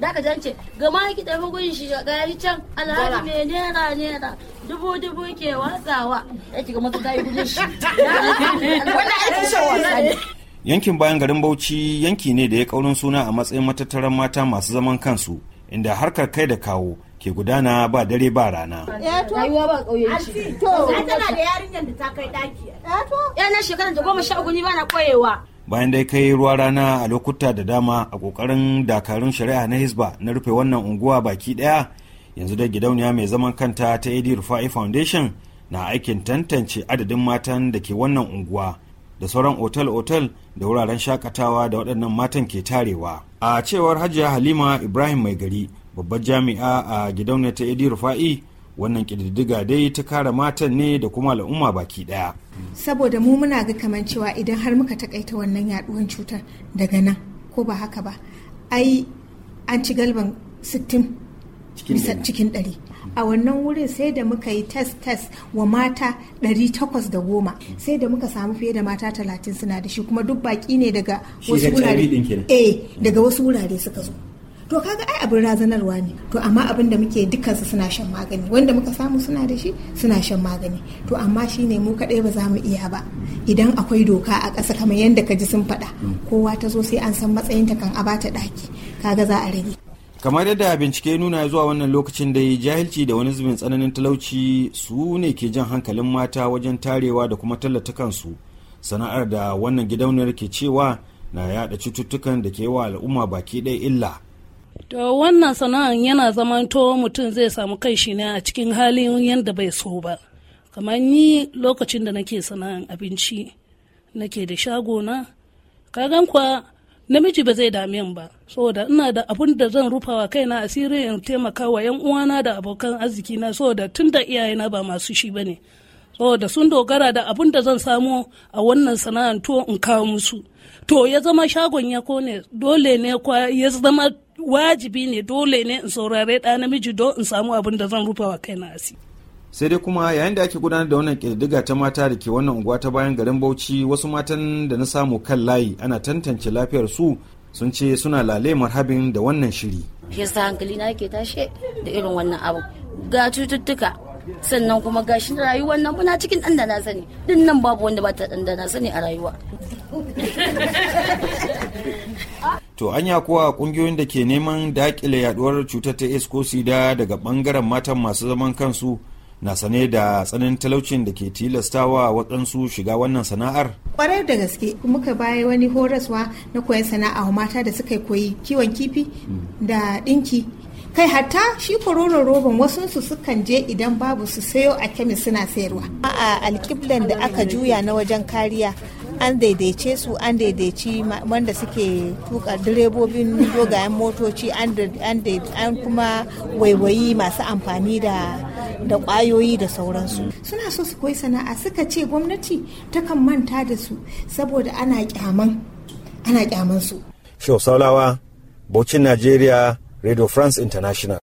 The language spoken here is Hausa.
daga jance gama ki tafi gun shi ga yari can alhaji mai nera nera dubu dubu ke watsawa ya ki gama ta yi gudun shi ne yankin bayan garin bauchi yanki ne da ya kaurin suna a matsayin matattaran mata masu zaman kansu inda harkar kai da kawo ke gudana ba dare ba rana. Eh, Rayuwa ba To, tana da yarinyar da ta kai ɗaki. Eh, ya na shekarar da goma sha uku ni ba na koyewa. bayan dai kai ruwa rana a lokuta da dama a kokarin dakarun shari'a na hisba na rufe wannan unguwa baki daya yanzu da gidauniya mai zaman kanta ta ad rufai foundation na aikin tantance adadin matan da ke wannan unguwa da sauran otal-otal da wuraren shakatawa da waɗannan matan ke tarewa a cewar hajiya halima ibrahim mai gari babbar jami'a a gidauniya ta ad rufa'i wannan ƙididdiga dai ta kara matan ne da kuma al'umma baki ɗaya. saboda mu muna ga kamar cewa idan har muka takaita wannan yaduwan cutar daga nan ko ba haka ba ai an ci galban 60 cikin ɗari a wannan wurin sai da muka yi test test wa mata 810 sai da muka samu fiye da mata 30 suna da shi kuma duk baki ne daga eh, daga wasu wurare suka zo to kaga ai abin razanarwa ne to amma abin da muke dukkansu suna shan magani wanda muka samu suna da shi suna shan magani to amma shi ne mu kaɗai ba za mu iya ba idan akwai doka a ƙasa kamar yadda ka ji sun faɗa mm. kowa ta zo sai an san matsayinta kan a bata ɗaki kaga za a rage kamar yadda bincike nuna zuwa wannan lokacin da jahilci da wani zubin tsananin talauci su ne ke jan hankalin mata wajen tarewa da kuma tallata kansu sana'ar da wannan gidauniyar ke cewa na yada cututtukan da ke wa al'umma baki ɗaya illa To wannan sana'an yana to mutum zai samu kai shi ne a cikin halin yadda bai so ba. Kamar ni lokacin da nake sana'an abinci nake da shagona, kagan kuwa namiji ba zai dame ba saboda ina da abun da zan rufawa kaina asiri in taimaka wa yan uwana da abokan arziki na saboda tun da iyayena ba masu shi ba ne saboda sun dogara da abun da zan samu a wannan sana'an to in kawo musu to ya zama shagon ya kone dole ne kwa ya zama wajibi ne dole ne in saurare ɗa namiji don in samu abin da zan rufe wa kaina asi. sai dai kuma yayin da ake gudanar da wannan kirdiga ta mata da ke wannan unguwa ta bayan garin bauchi wasu matan da na samu kan layi ana tantance lafiyar su sun ce suna lale marhabin da wannan shiri. yasa hankali na ke tashe da irin wannan abu ga cututtuka sannan kuma gashi rayuwar nan muna cikin ɗan da na sani din nan babu wanda ba ta ɗan da na sani a rayuwa To anya kuwa kungiyoyin da ke neman dakile yaduwar cutar ta isko ko sida daga bangaren matan masu zaman kansu na sane da tsanin talaucin da ke tilastawa waɗansu shiga wannan sana'ar? Kwarar da gaske muka baya wani horaswa na koyon sana'a mata da suka koyi kiwon kifi mm. da ɗinki kai hatta shi kororon roban wasu su sukan je idan babu su sayo a kemis suna sayarwa a alkiblan da aka juya na wajen kariya an daidaice su an daidaici wanda suke tuka direbobin dogayen motoci an kuma waiwayi masu amfani da da kwayoyi da sauransu suna so su koyi sana'a suka ce gwamnati takan manta da su saboda ana kyaman su Shausalawa, Bocin Najeriya, Radio France International.